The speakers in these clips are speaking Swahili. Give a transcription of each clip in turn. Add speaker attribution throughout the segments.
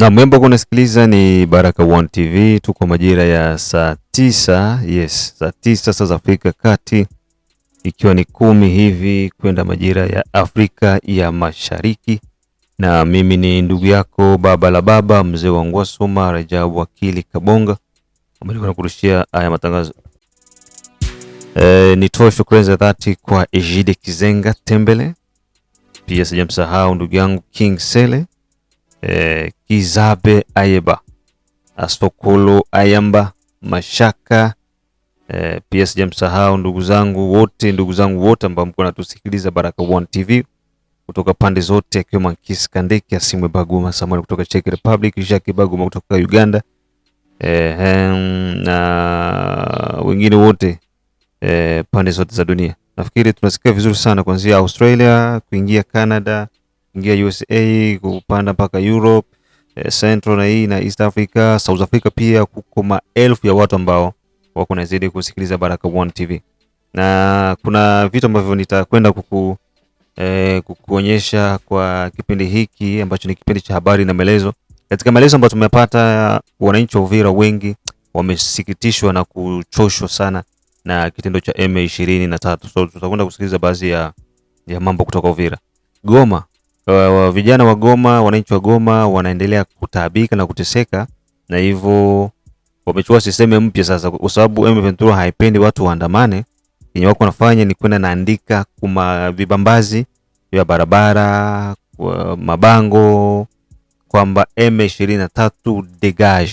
Speaker 1: Na mwembo kunasikiliza ni Baraka One TV, tuko majira ya saa tisa, yes, saa tisa saa za Afrika Kati, ikiwa ni kumi hivi kwenda majira ya Afrika ya Mashariki, na mimi ni ndugu yako baba la baba mzee wa Ngwasuma Rajabu Wakili Kabonga, ambaye nakurushia haya matangazo. E, nitoe shukrani za dhati kwa Ejide Kizenga Tembele, pia sijamsahau ndugu yangu King Sele Eh, Kizabe Ayeba, Astokolo Ayamba, Mashaka eh, pia sijamsahau ndugu zangu wote, ndugu zangu wote ambao mko natusikiliza Baraka One TV kutoka pande zote, akiwemo Nkisi Kandeke, Asimwe Baguma Samuel kutoka Czech Republic, Jacques Baguma kutoka Uganda eh, eh, na wengine wote eh, pande zote za dunia. Nafikiri tunasikia vizuri sana kuanzia Australia kuingia Canada ingia USA kupanda mpaka Europe, eh, Central na hii na East Africa, South Africa pia kuko maelfu ya watu ambao wako nazidi kusikiliza Baraka One TV. Na kuna vitu ambavyo nitakwenda kuku eh, kukuonyesha kwa kipindi hiki ambacho ni kipindi cha habari na maelezo. Katika maelezo ambayo tumepata, wananchi wa Uvira wengi wamesikitishwa na kuchoshwa sana na kitendo cha M23. So tutakwenda kusikiliza baadhi ya, ya mambo kutoka Uvira. Goma uh, vijana wa Goma, wananchi wa Goma wanaendelea kutaabika na kuteseka, na hivyo wamechukua sisteme mpya sasa, kwa sababu M23 haipendi watu waandamane. Yenye wako wanafanya ni kwenda naandika kuma vibambazi vya barabara kwa mabango kwamba M23 degage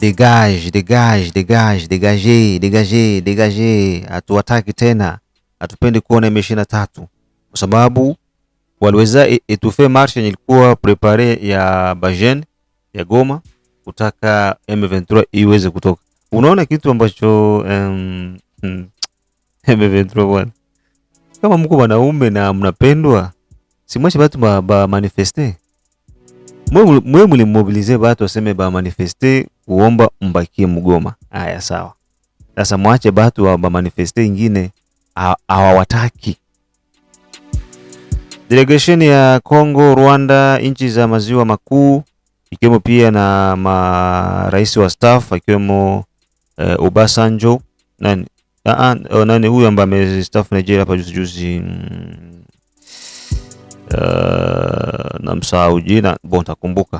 Speaker 1: degage degage degage degage degage degage, hatuwataki tena, hatupendi kuona M23 kwa sababu waliweza etufe marche yenye ilikuwa prepare ya bajene ya Goma kutaka M23 iweze kutoka. Unaona kitu ambacho hmm, M23 bwana, kama mko wanaume na mnapendwa, si mwache batu ba, ba manifeste mwe mulimobilize batu waseme ba manifeste kuomba mbakie mgoma. Haya, sawa. Sasa mwache batu ba manifeste ingine hawawataki Delegation ya Kongo, Rwanda, nchi za maziwa makuu ikiwemo pia na marais wa staff akiwemo uh, Obasanjo nani uh, nani huyu ambaye amestaafu Nigeria hapa juzi juzi mm, uh, eh, na msahau jina bon takumbuka.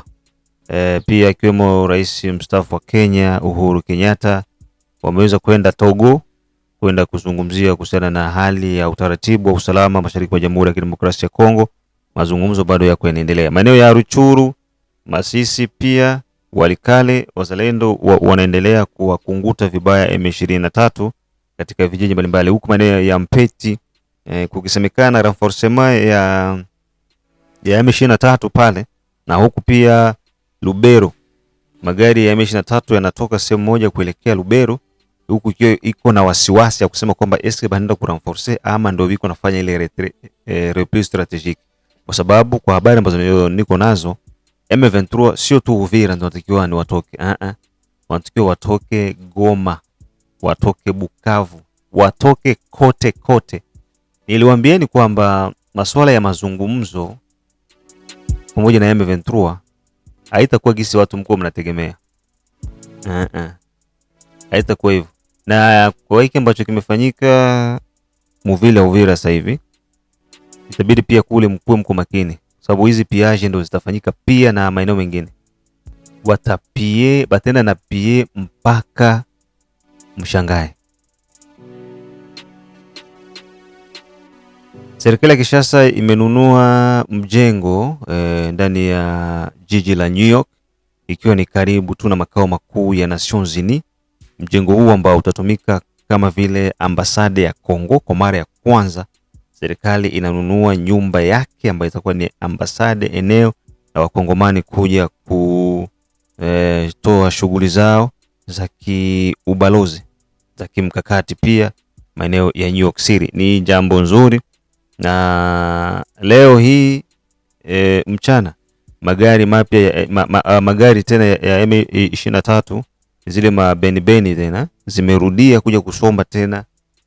Speaker 1: Uh, eh, pia akiwemo rais mstaff wa Kenya Uhuru Kenyatta wameweza kwenda Togo kwenda kuzungumzia kuhusiana na hali ya utaratibu wa usalama mashariki mwa Jamhuri ya Kidemokrasia ya Kongo. Mazungumzo bado yako yanaendelea maeneo ya Ruchuru, Masisi pia Walikale. Wazalendo wa, wanaendelea kuwakunguta vibaya M23 katika vijiji mbalimbali huku maeneo ya Mpeti eh, kukisemekana renforcement ya ya M23 pale na huku pia Lubero, magari ya M23 yanatoka sehemu moja kuelekea Lubero huku ikiwa iko na wasiwasi ya kusema kwamba eske banaenda kurenforce ama ndio viko nafanya ile eh, repli strategique, kwa sababu kwa habari ambazo niko nazo M23 sio tu Uvira ndio natakiwa ni watoke uh -uh. wanatakiwa watoke Goma, watoke Bukavu, watoke kote kote. Niliwaambieni kwamba masuala ya mazungumzo pamoja na M23 haitakuwa gisi watu mko mnategemea uh -uh. haitakuwa hivyo na kwa hiki ambacho kimefanyika Muvila Uvira sasa hivi itabidi pia kule mkuwe mko makini, sababu hizi piaje ndo zitafanyika pia na maeneo mengine, watapie batenda na pie mpaka mshangae. Serikali ya kishasa imenunua mjengo e, ndani ya jiji la New York ikiwa ni karibu tu na makao makuu ya Nations Unies Mjengo huu ambao utatumika kama vile ambasada ya Kongo. Kwa mara ya kwanza, serikali inanunua nyumba yake ambayo itakuwa ni ambasada, eneo la wakongomani kuja kutoa eh, e, shughuli zao za kiubalozi za kimkakati, pia maeneo ya New York City. Ni jambo nzuri, na leo hii e, mchana magari mapya ma, ma, magari tena ya M23 zile mabenibeni tena zimerudia kuja kusomba tena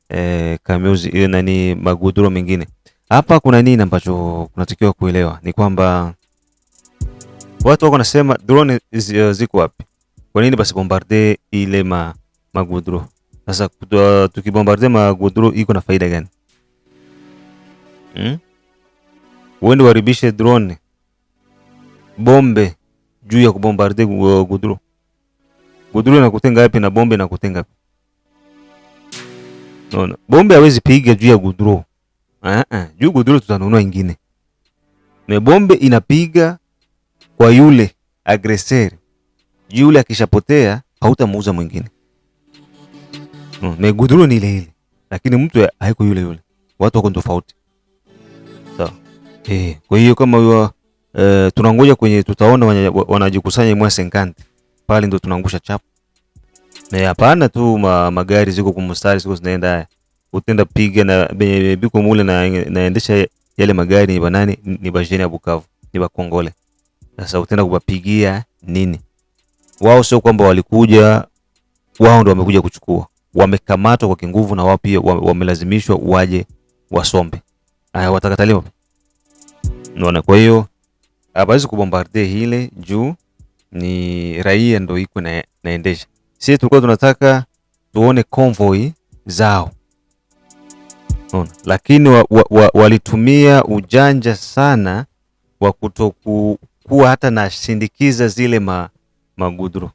Speaker 1: e, eh, kamuzi ile eh, nani maguduro mengine. Hapa kuna nini ambacho kunatakiwa kuelewa ni kwamba watu wako nasema drone eh, ziko wapi? Kwa nini basi bombarde ile ma, maguduro? Sasa tukibombarde maguduro iko na faida gani? Hmm? Wende waribishe drone bombe juu ya kubombarde guduro Godoro na kutenga wapi na bombe na kutenga? Unaona? Bombe hawezi piga juu ya godoro. Ah eh, ah, eh, juu godoro tutanunua nyingine. Na bombe inapiga kwa yule agreseri. Yule akishapotea hautamuuza mwingine. No, na godoro ni ile ile. Lakini mtu haiko yule yule. Watu wako tofauti. Sawa. So, eh, kwa hiyo kama huyo uh, eh, tunangoja kwenye tutaona wanajikusanya mwa Senkanti pale ndio tunaangusha chapu. Na hapana tu ma, magari ziko kwa mstari ziko zinaenda utenda piga na benye biko mule na naendesha yale magari ni banani ni bajeni ya Bukavu ni bakongole. Sasa utenda kubapigia nini? Wao sio kwamba walikuja, wao ndio wamekuja kuchukua. Wamekamatwa kwa kinguvu na wao pia wamelazimishwa waje wasombe. Aya, watakataliwa. Unaona, kwa hiyo hawezi kubombarde hile juu ni raia ndo iko na, naendesha. Sisi tulikuwa tunataka tuone convoy zao Nona. Lakini walitumia wa, wa, wa ujanja sana wa kutokuwa hata nasindikiza zile ma, magudru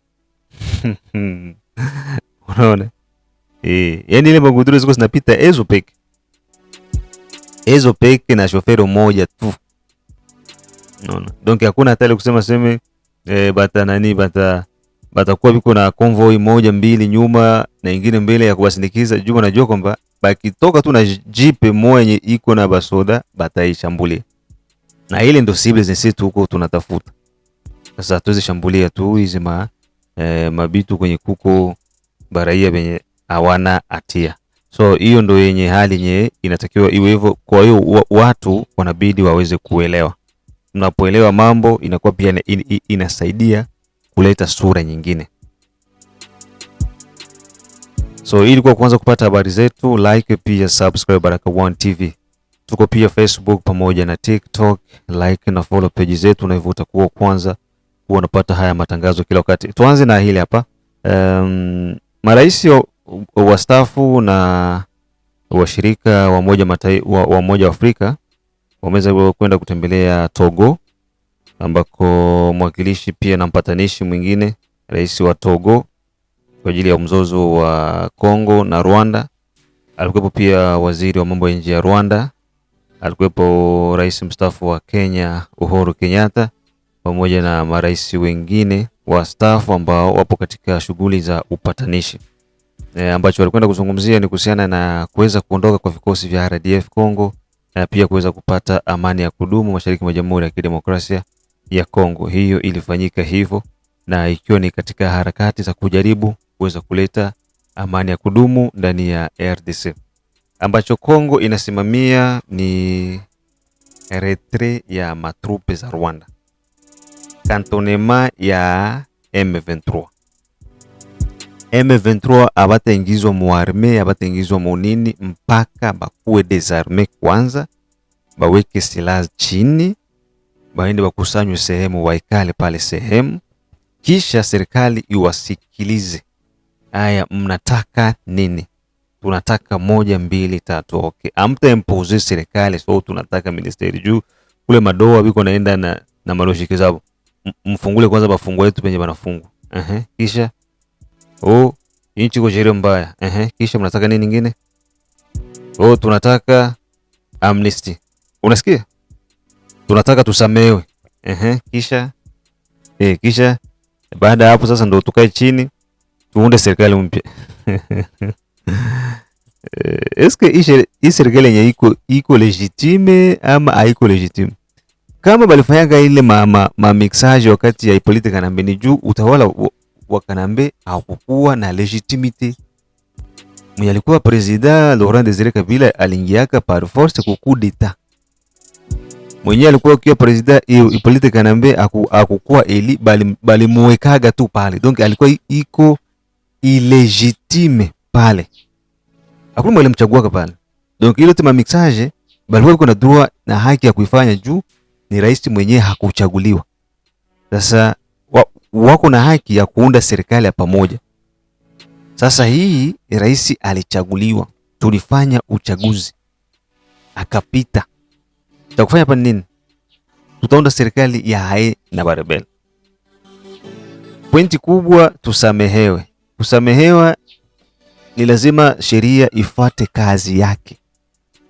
Speaker 1: unaona e, yani ile maguduru ziko zinapita ezo peke ezo peke na shoferi moja tu, unaona donc hakuna hata ile kusema seme e, bata nani bata batakuwa biko na convoy moja mbili nyuma na ingine mbele ya kuwasindikiza juu najua kwamba bakitoka tu na jipe moja iko na basoda bataishambulia, na ile ndo siblings sisi tuko tunatafuta sasa. Tuweze shambulia tu hizi ma e, mabitu kwenye kuko baraia benye hawana atia. So hiyo ndo yenye hali yenye inatakiwa iwe hivyo. Kwa hiyo watu wanabidi waweze kuelewa mnapoelewa mambo inakuwa pia inasaidia kuleta sura nyingine. So ili kwa kuanza kupata habari zetu, like pia subscribe baraka One TV. Tuko pia Facebook pamoja na TikTok, like na follow page zetu, na hivyo utakuwa kwanza kuwa unapata haya matangazo kila wakati. Tuanze na hili hapa. Um, marais wastaafu na washirika wa Umoja wa, wa Afrika wameweza kwenda kutembelea Togo ambako mwakilishi pia na mpatanishi mwingine rais wa Togo kwa ajili ya mzozo wa Kongo na Rwanda. Alikuwepo pia waziri wa mambo ya nje ya Rwanda, alikuwepo rais mstaafu wa Kenya Uhuru Kenyatta, pamoja na marais wengine wastaafu ambao wapo katika shughuli za upatanishi. E, ambacho walikwenda kuzungumzia ni kuhusiana na kuweza kuondoka kwa vikosi vya RDF Kongo na pia kuweza kupata amani ya kudumu mashariki mwa Jamhuri ya Kidemokrasia ya Kongo. Hiyo ilifanyika hivyo, na ikiwa ni katika harakati za kujaribu kuweza kuleta amani ya kudumu ndani ya RDC. Ambacho Kongo inasimamia ni retre ya matrupe za Rwanda, kantonema ya M23 M23 abataingizwa muarme abataingizwa munini mpaka bakuwe desarme kwanza, baweke silaha chini, baende bakusanywe sehemu, waikale pale sehemu, kisha serikali iwasikilize. Haya, mnataka nini? Tunataka moja mbili tatu. Okay, amta impose serikali, so tunataka ministeri juu kule madoa biko naenda na, na maloshiki zao. Mfungule kwanza, bafungwa wetu penye banafungu uh -huh. kisha Oh, nchi kwa sheria mbaya. Ehe, kisha mnataka nini nyingine? Oh, tunataka amnesty. Unasikia? Tunataka tusamewe. Ehe, kisha eh, kisha baada ya hapo sasa ndo tukae chini tuunde serikali mpya. Eske hii serikali yenye iko iko legitime ama haiko legitime? Kama balifanyaka ile ma, ma, ma mixage wakati ya politika na mbeni juu utawala wakanambe hakukuwa na legitimite. Mwenye alikuwa president Laurent Desire Kabila alingiaka par force ku coup d'etat. Mwenye alikuwa president presida ipolite Kanambe hakukuwa eli, bali, bali muwekaga tu pale, donc alikuwa iko ilegitime pale, hakuna mwele mchagua mchaguaka pale. Donc ile tema mixage bali wako na droit na haki ya kuifanya juu ni rais mwenye hakuchaguliwa. Sasa wako na haki ya kuunda serikali ya pamoja. Sasa hii rais alichaguliwa, tulifanya uchaguzi akapita, tutakufanya hapa nini? Tutaunda serikali ya hae na Barebel. Pointi kubwa, tusamehewe. Kusamehewa ni lazima sheria ifuate kazi yake.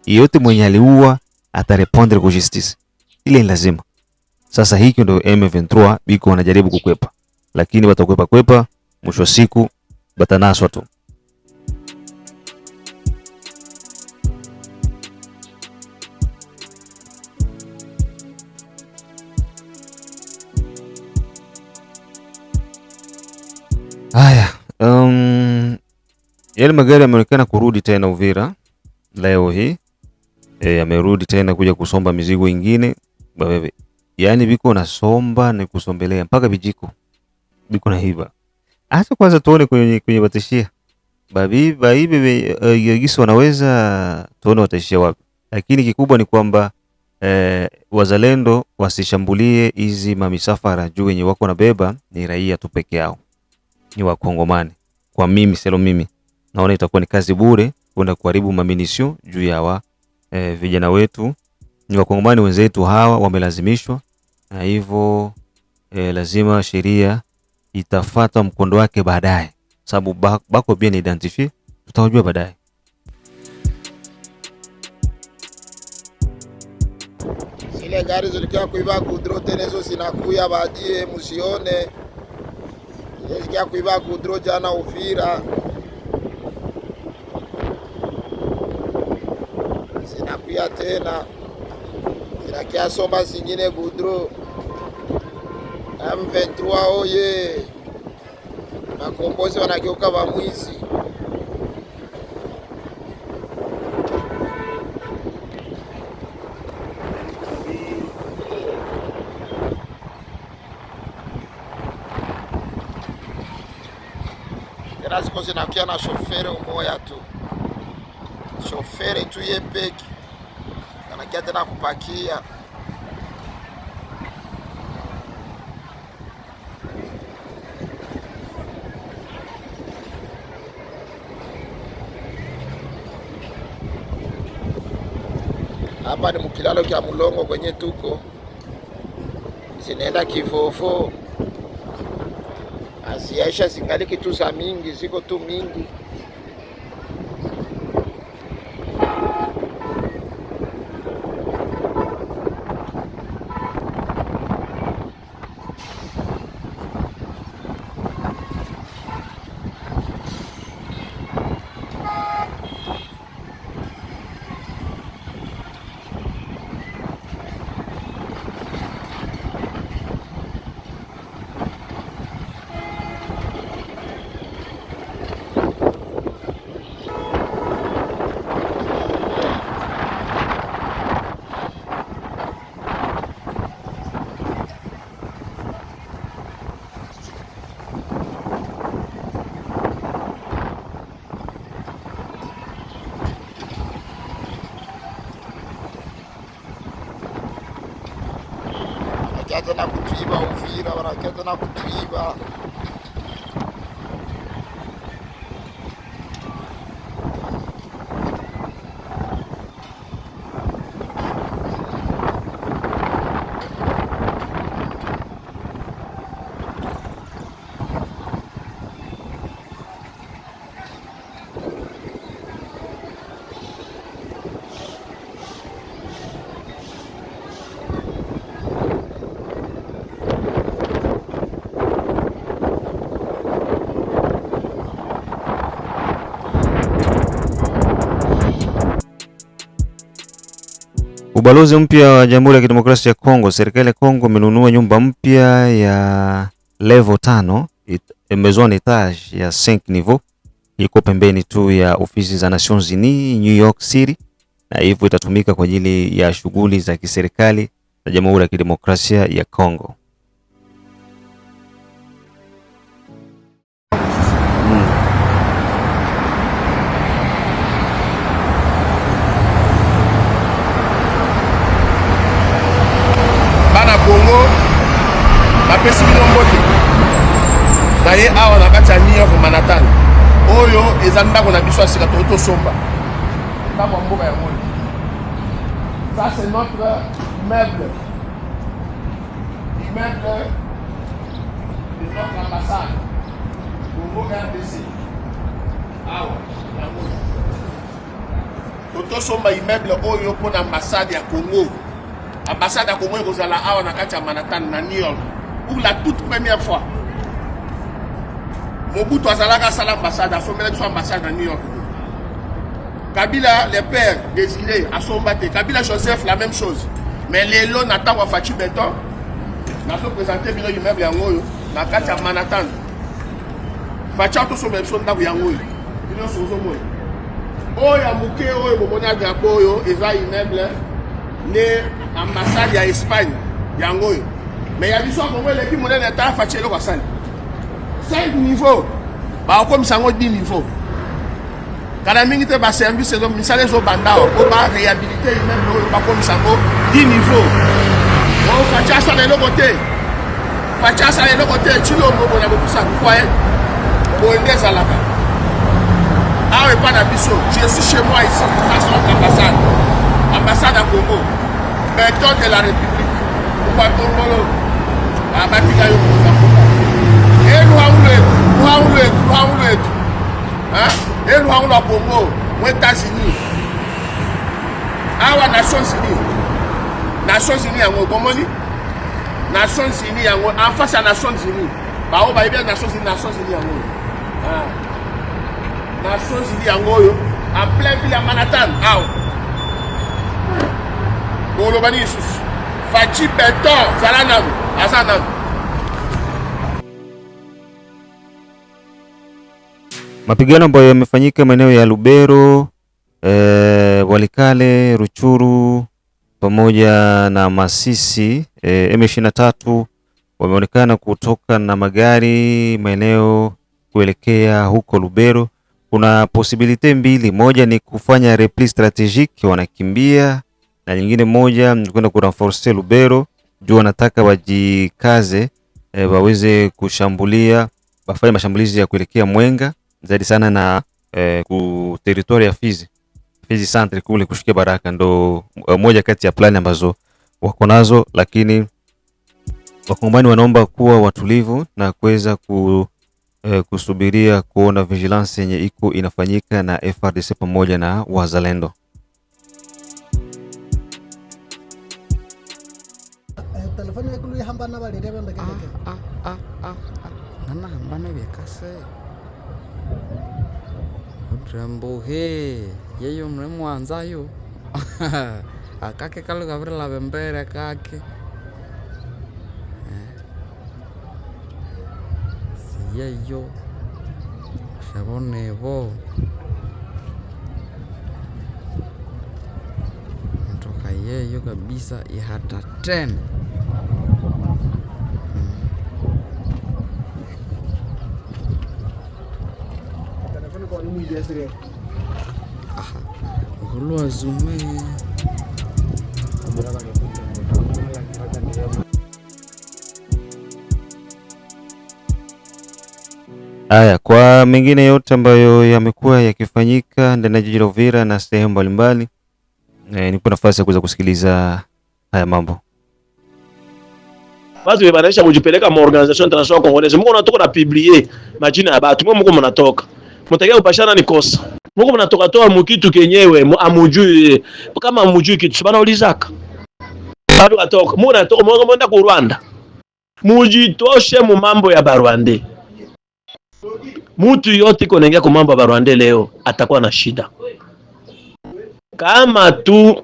Speaker 1: Yeyote mwenye aliua atarepondre kwa justice, ile ni lazima. Sasa hiki ndio M 23 biko wanajaribu kukwepa, lakini watakwepa kwepa, mwisho wa siku batanaswa tu. Haya, um, yale magari yameonekana kurudi tena Uvira leo hii e, yamerudi tena kuja kusomba mizigo ingine. Yaani biko na somba na kusombelea mpaka vijiko biko na hiba. Hasa kwanza tuone kwenye kwenye batishia. Babi baibe eh, uh, eh, gisi wanaweza tuone watashia wapi. Lakini kikubwa ni kwamba eh, wazalendo wasishambulie hizi mamisafara juu yenye wako na beba ni raia tu peke yao. Ni wakongomani. Kwa mimi selo mimi naona itakuwa ni kazi bure kwenda kuharibu maminisio juu ya wa eh, vijana wetu. Ni wakongomani wenzetu hawa wamelazimishwa na hivyo e, lazima sheria itafata mkondo wake baadaye, sababu bako bien identifie, tutajua baadaye.
Speaker 2: Zile gari zilikuwa kuiva kudro tena, hizo zinakuya baadaye, msione zilikuwa kuiva kudro jana Uvira zinakuya tena kila kyasomba singine gudro M23 oye makombozi wanageuka vamwizi tena ziko zinakia na shofere umoya tu shofere tu yepeki kupakia tena kupakia Hapa ni mkilalo kya Mulongo kwenye tuko zinaenda kifofo, aziaisha zingali kitu za mingi, ziko tu mingi. wanachaza na kutuiba Uvira, wanachaza na kutuiba
Speaker 1: Ubalozi mpya wa Jamhuri ya Kidemokrasia ya Kongo. Serikali ya Kongo imenunua nyumba mpya ya level tano, maison etage ya 5 niveau, iko pembeni tu ya ofisi za Nations Unies New York City, na hivyo itatumika kwa ajili ya shughuli za kiserikali za Jamhuri ya Kidemokrasia ya Kongo.
Speaker 2: manhattan oyo eza ndako na biso ya sika toki tosomba ndako ya mboka yango ça c'est notre meuble meuble de notre ambassade congo rdc awa yango totosomba immeuble oyo mpona ambassade ya congo ambassade ya congo ekozala awa na kati ya manhattan na new york pour la toute première fois mobutu azalaka asala ambassade asombela biso ambassade na new york kabila le père désiré asomba te kabila joseph la même chose mais lelo na ntango afaci beton nazopresente bino immeuble yango oyo na kati ya manhattan faci atosombela biso ndako yango oyo binyonso ozomona oyo ya moke oyo bomona drapo oyo eza immeuble ne ambassade ya espagne yango oyo mais ya biso ya kongo eleki monene ta faci eloko asali 5 niveau bakokomisa yango 10 niveau kala mingi te baservice ezo misala ezobanda o barehabilite imeme oyo bakomisa yango 10 niveau o faci asala eloko te faci asala eloko te cilomoko na bopusa kukwaye boye nde ezalaka awa epa na biso je suis chez moi ici face notre ambassade ambassade ya congo berton de la république kukwatongolo babapika yo koza kongo elwangu lwethu lwangu lwethu lwangu lwethu elwangu lwa congo mwetats-unis awa nations unis nations unis yango ebomoni nations unis yango en face ya nations unis baoyo bayebi ya nations unis nations unis yango nations unis yango oyo en plein ville ya manhattan awa koloba nini lisusu faci beton zala nanu aza nanu
Speaker 1: Mapigano ambayo yamefanyika maeneo ya Lubero e, Walikale, Ruchuru pamoja na Masisi e, eh, M23 wameonekana kutoka na magari maeneo kuelekea huko Lubero. Kuna posibilite mbili, moja ni kufanya repli strategique wanakimbia, na nyingine moja ni kwenda kurenforce Lubero juu wanataka wajikaze e, waweze kushambulia, wafanye mashambulizi ya kuelekea Mwenga zaidi sana na eh, ku territory ya Fizi, Fizi Centre kule kushikia Baraka, ndo eh, moja kati ya plani ambazo wako nazo, lakini Wakongomani wanaomba kuwa watulivu na kuweza ku, eh, kusubiria kuona vigilance yenye iko inafanyika na FRDC pamoja na wazalendo.
Speaker 3: Mrembuhi yeyo mnemwanzayo akake kalukavrilaba embere kake siyeyo shabo nibo ntoka yeyo kabisa ihata tena olwazume
Speaker 1: Haya, kwa mengine yote ambayo yamekuwa yakifanyika ndani ya jiji la Uvira na sehemu mbalimbali, e, eh, nikupa nafasi ya kuweza kusikiliza haya mambo
Speaker 2: batu bebanaisha kujipeleka mu organisation international congolaise, mko natoka na publier majina ya batu mko mnatoka mutakia upashana ni kosa. Mungu mnatoka toa mukitu kenyewe amujui, kama amujui kitu sibana ulizaka bado atoka muna atoka mwana mwenda ku Rwanda, mujitoshe mu mambo ya Barwande. Mutu yote konaingia ku mambo ya Barwande leo atakuwa na shida kama tu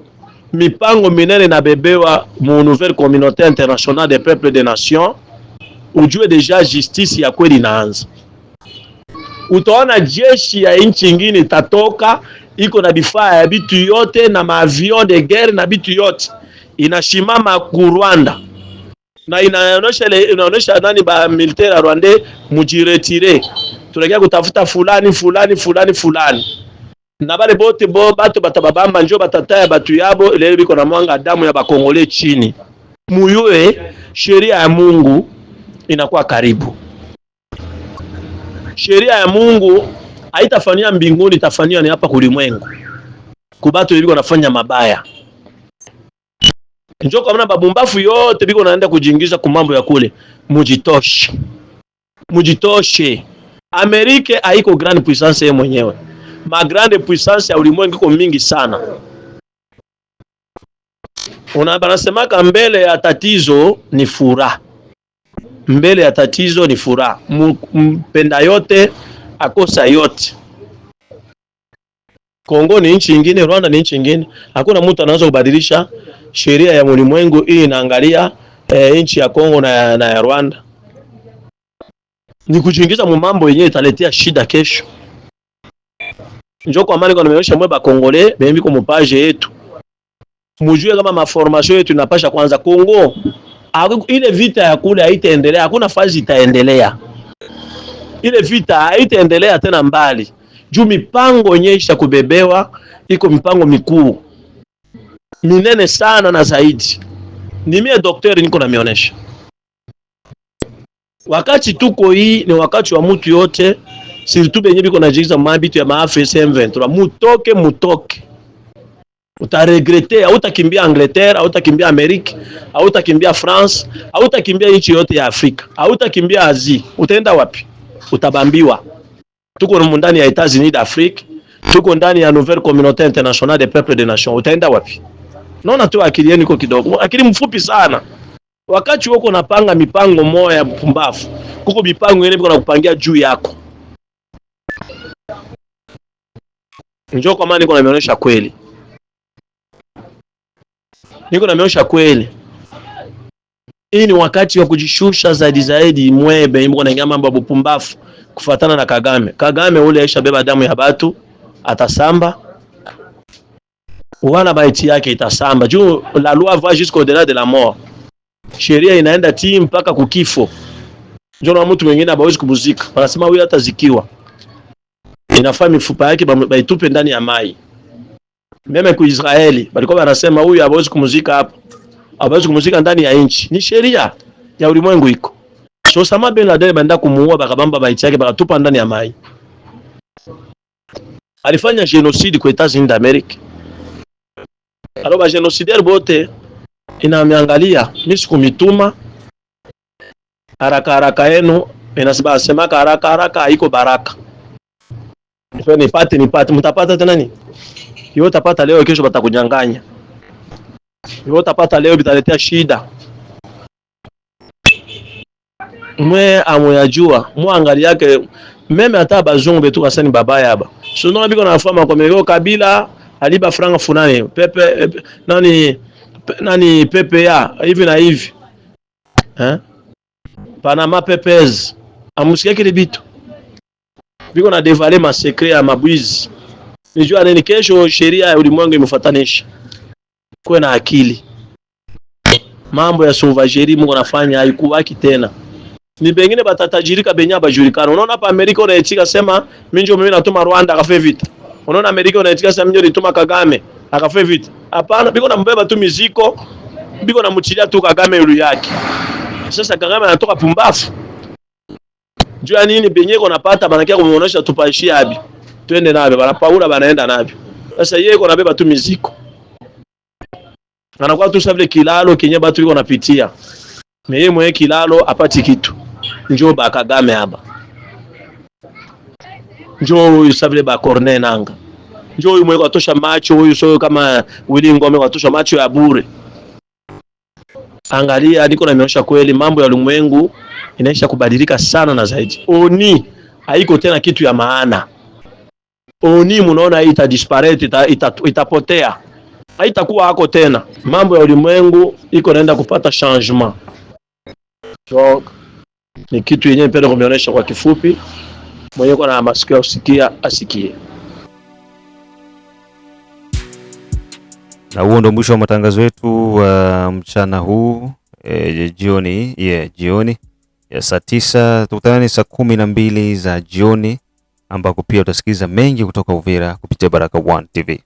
Speaker 2: mipango minene na bebewa mu nouvelle communauté internationale des peuples des nations, ujue deja justice ya kweli inaanza utaona jeshi ya nchi ingine itatoka iko na vifaa ya bitu yote na maavion de guerre na bitu yote inashimama ku Rwanda na inaonyesha inaonyesha nani ba militaire rwande mujiretire, tunakia kutafuta fulani fulani fulani fulani, na bale bote bo batu batababamba njo batataya batu yabo. ile biko na mwanga damu ya bakongole chini, muyue sheria ya Mungu inakuwa karibu sheria ya Mungu haitafanyia mbinguni, itafanyia ni hapa kulimwengu, kubatu biko nafanya mabaya njo kamna babumbafu yote biko naenda kujiingiza kumambo ya kule. Mujitoshe, mujitoshe. Amerike haiko grand puissance yeye mwenyewe, ma grande puissance ya ulimwengu iko mingi sana. Una banasemaka mbele ya tatizo ni furaha mbele ya tatizo ni furaha, mpenda yote akosa yote. Kongo ni nchi nyingine, Rwanda ni nchi nyingine. Hakuna mtu anaweza kubadilisha sheria ya ulimwengu. Hii inaangalia e, nchi ya Kongo na, ya, na ya Rwanda ni kujiingiza mu mambo yenyewe italetea shida kesho. Njo kwa maana nimeonyesha mwe ba Kongole bembi kwa mpaje yetu, mujue kama maformation yetu inapasha kwanza Kongo ile vita kule haitaendelea, hakuna fazi itaendelea. Ile vita haitaendelea tena mbali juu mipango nyeisha kubebewa, iko mipango mikuu minene sana na zaidi. Ni mie daktari niko namionesha, wakati tuko hii ni wakati wa mutu yote, siritubenye biko najiiza mabitu ya maafa M23, mutoke mutoke utaregrete, hautakimbia Angleterre, hautakimbia Amerika, hautakimbia France, hautakimbia nchi yote ya Afrika, hautakimbia Asia. Utaenda wapi? Utabambiwa. Tuko ndani ya Etats-Unis d'Afrique, tuko ndani ya Nouvelle Communauté Internationale des Peuples des Nations. Utaenda wapi? Naona tu akili yenu iko kidogo, akili mfupi sana. Wakati wako napanga mipango moja ya mpumbavu, kuko mipango ile iko nakupangia juu yako. Njoo kwa maana niko naonyesha kweli niko nameosha kweli. Hii ni wakati wa kujishusha zaidi zaidi, mwebe mko naingia mambo ya bupumbafu kufatana na Kagame. Kagame ule aisha beba damu ya batu, atasamba wala baiti yake itasamba, juu la loi va jusqu'au delà de la mort, sheria inaenda ti mpaka kukifo. Njoo na mtu mwingine abawezi kumuzika, wanasema huyu atazikiwa, inafaa mifupa yake baitupe ndani ya mai meme ku Israeli balikuwa wanasema huyu hawezi kumzika hapo, hawezi kumzika ndani ya nchi, ni sheria ya ulimwengu iko. So Osama bin Laden baenda kumuua, bakabamba maiti yake bakatupa ndani ya mai. Alifanya genocide kwa Etats-Unis da America, aloba genocide bote inamiangalia misi kumituma haraka haraka yenu inasibasemaka haraka haraka haiko baraka, nipate nipate, mtapata tena nini? Hiyo utapata leo, kesho batakunyang'anya. Hiyo utapata leo, bitaletea shida. Mwe amuyajua muangali yake meme, hata bazungu betu kasani baba yaba suno biko na fama kwa mego kabila aliba franga funani pepe nani nani pepe ya hivi na hivi eh Panama Papers amusikia kile bitu biko na devale ma secret ya mabwizi nijua nini kesho. Sheria ya ulimwengu imefatanisha, kuwe na akili. Mambo ya sauvagerie mko nafanya haikuwaki tena, ni bengine batatajirika benya bajulikana. Unaona hapa Amerika unaichika sema minjo mimi natuma Rwanda akafe vita, unaona Amerika unaichika sema minjo nituma Kagame akafe vita. Hapana, biko nambeba tu miziko, biko namuchilia tu Kagame yulu yake. Sasa Kagame anatoka pumbafu juu ya nini? Benye konapata banakia kumuonesha tupaishia abi twende navyo, Paula banaenda navyo. Sasa yeye yuko anabeba tu miziko, anakuwa tu sababu kilalo kenye batu yuko napitia meye mwe kilalo apati kitu, njo ba Kagame hapa, njo huyu sababu ba Corneille nanga, njo huyu mwe kwatosha macho huyu, sio kama Willy Ngome kwatosha macho ya bure. Angalia, niko nameosha kweli, mambo ya ulimwengu inaisha kubadilika sana na zaidi, oni haiko tena kitu ya maana onimu, unaona ita disparate ita, ita, itapotea haitakuwa hako tena. Mambo ya ulimwengu iko naenda kupata changement, so ni kitu yenyewe penda kumionyesha kwa kifupi. Mwenye kwa na masikio usikia asikie.
Speaker 1: Na huo ndo mwisho wa matangazo yetu wa uh, mchana huu e, jioni yeah, jioni ya saa tisa tukutane saa kumi na mbili za jioni ambako pia utasikiza mengi kutoka Uvira kupitia Baraka One TV.